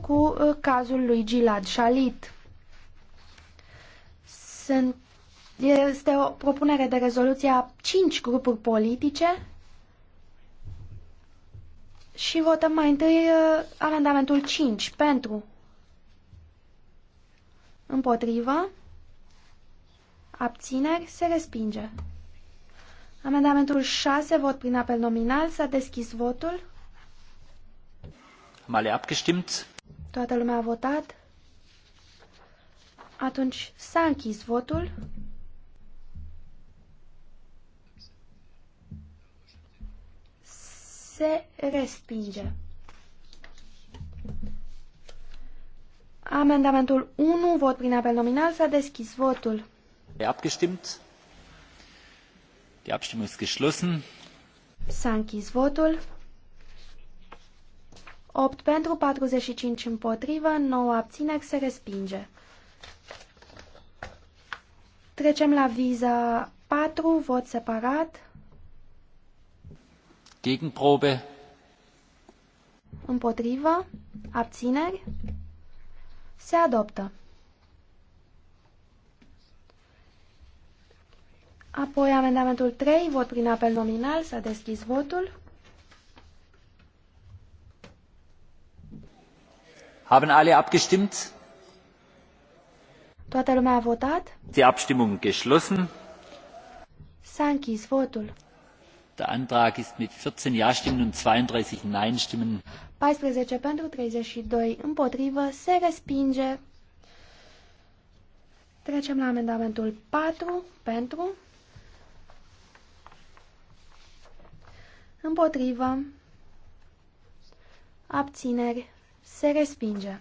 cu uh, cazul lui Gilad Shalit. Sunt, este o propunere de rezoluție a cinci grupuri politice și votăm mai întâi uh, amendamentul 5 pentru împotrivă abțineri se respinge. Amendamentul 6 vot prin apel nominal s-a deschis votul. Am abgestimmt? Toată lumea a votat? Atunci s-a închis votul. Se respinge. Amendamentul 1, vot prin apel nominal, s-a deschis votul. E abgestimt. Die Abstimmung ist geschlossen. S-a închis votul. 8 pentru, 45 împotrivă, 9 abțineri, se respinge. Trecem la viza 4, vot separat. Gegenprobe. Împotrivă, abțineri, se adoptă. Apoi amendamentul 3, vot prin apel nominal, s-a deschis votul. Haben alle abgestimmt? Toată lumea a votat? Die Abstimmung geschlossen. S-a închis votul. Der Antrag ist mit 14 Ja-Stimmen und 32 Nein-Stimmen. 14 pentru 32 împotrivă se respinge. Trecem la amendamentul 4 pentru împotrivă abțineri se respinge.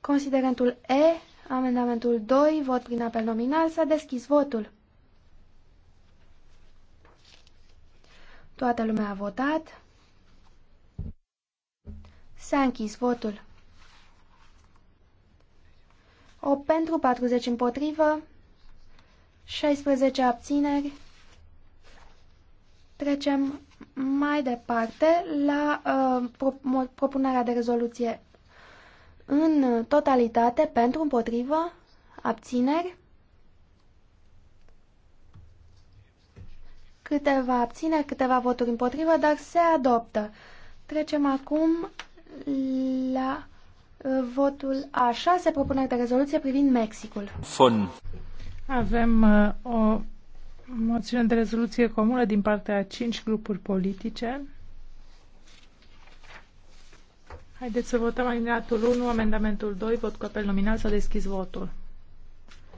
Considerentul E, amendamentul 2, vot prin apel nominal, s-a deschis votul. Toată lumea a votat. S-a închis votul. 8 pentru, 40 împotrivă, 16 abțineri. Trecem mai departe, la uh, propunerea de rezoluție în totalitate, pentru, împotrivă, abțineri, câteva abțineri, câteva voturi împotrivă, dar se adoptă. Trecem acum la uh, votul a șase propuneri de rezoluție privind Mexicul. Fun. Avem uh, o Moțiune de rezoluție comună din partea a cinci grupuri politice. Haideți să votăm alineatul 1, amendamentul 2, vot cu apel nominal, s-a deschis votul.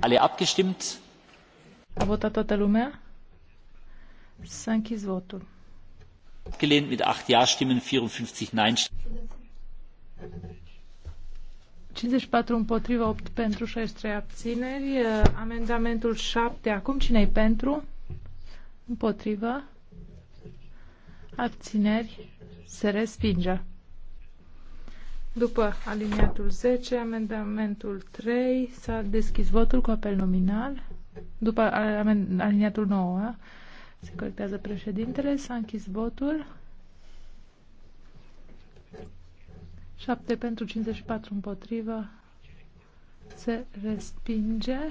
Alle abgestimmt? A votat toată lumea? S-a închis votul. Gelehnt mit 8 Ja-Stimmen, 54 Nein-Stimmen. 54 împotriva, 8 pentru, 63 abțineri. Uh, amendamentul 7. Acum cine-i pentru? Împotrivă. Abțineri. Se respinge. După aliniatul 10, amendamentul 3, s-a deschis votul cu apel nominal. După aliniatul 9, se corectează președintele, s-a închis votul. 7 pentru 54 împotrivă. Se respinge. Uh,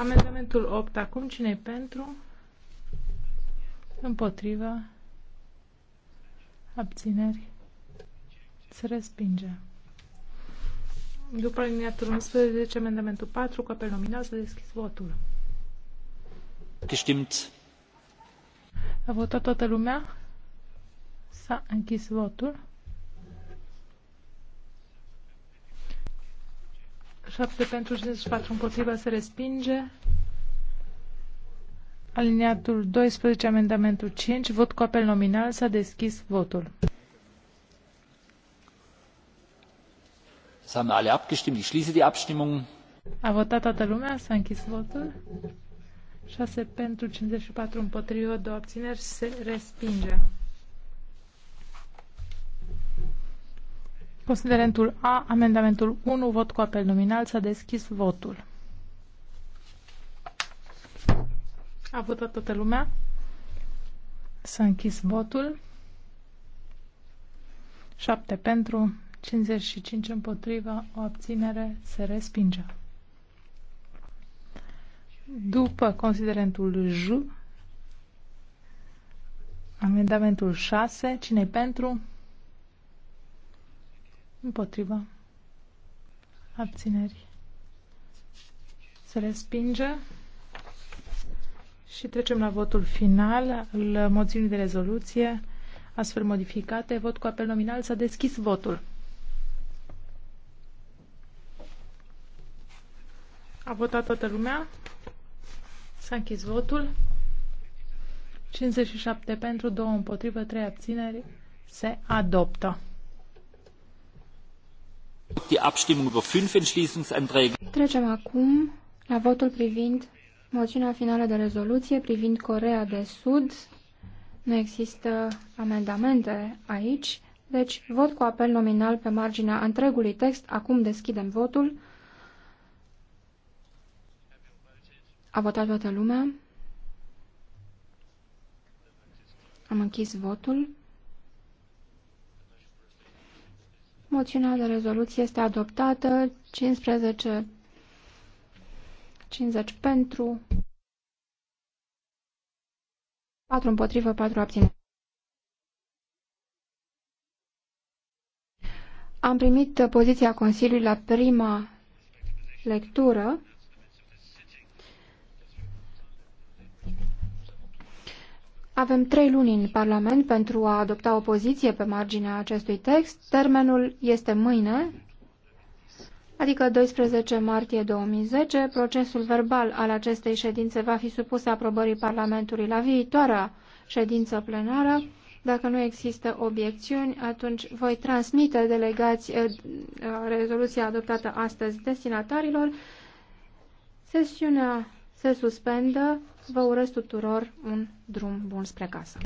amendamentul 8 acum. cine pentru? Împotrivă. Abțineri. Se respinge. După liniatul 11, amendamentul 4, cu apel nominal, s deschis votul. Gestimt. A votat toată lumea? S-a închis votul. 7 pentru 54 împotriva se respinge. Aliniatul 12, amendamentul 5, vot cu apel nominal, s-a deschis votul. Das haben alle abgestimmt. Ich schließe die Abstimmung. A votat toată lumea, s-a închis votul. 6 pentru 54 împotriva, 2 abțineri, se respinge. Considerentul A, amendamentul 1, vot cu apel nominal, s-a deschis votul. A votat toată lumea. S-a închis votul. 7 pentru, 55 împotriva, o abținere se respinge. După considerentul J, amendamentul 6, cine pentru? împotriva abținerii. Se respinge. Și trecem la votul final al moțiunii de rezoluție. Astfel modificate, vot cu apel nominal s-a deschis votul. A votat toată lumea. S-a închis votul. 57 pentru, 2 împotrivă, 3 abțineri. Se adoptă. Trecem acum la votul privind moțiunea finală de rezoluție privind Corea de Sud. Nu există amendamente aici, deci vot cu apel nominal pe marginea întregului text. Acum deschidem votul. A votat toată lumea. Am închis votul. Moțiunea de rezoluție este adoptată. 15 50 pentru 4 împotrivă, 4 abține. Am primit poziția Consiliului la prima lectură. Avem trei luni în Parlament pentru a adopta o poziție pe marginea acestui text. Termenul este mâine, adică 12 martie 2010. Procesul verbal al acestei ședințe va fi supus aprobării Parlamentului la viitoarea ședință plenară. Dacă nu există obiecțiuni, atunci voi transmite delegați eh, eh, rezoluția adoptată astăzi destinatarilor. Sesiunea se suspendă. Vă urez tuturor un drum bun spre casă.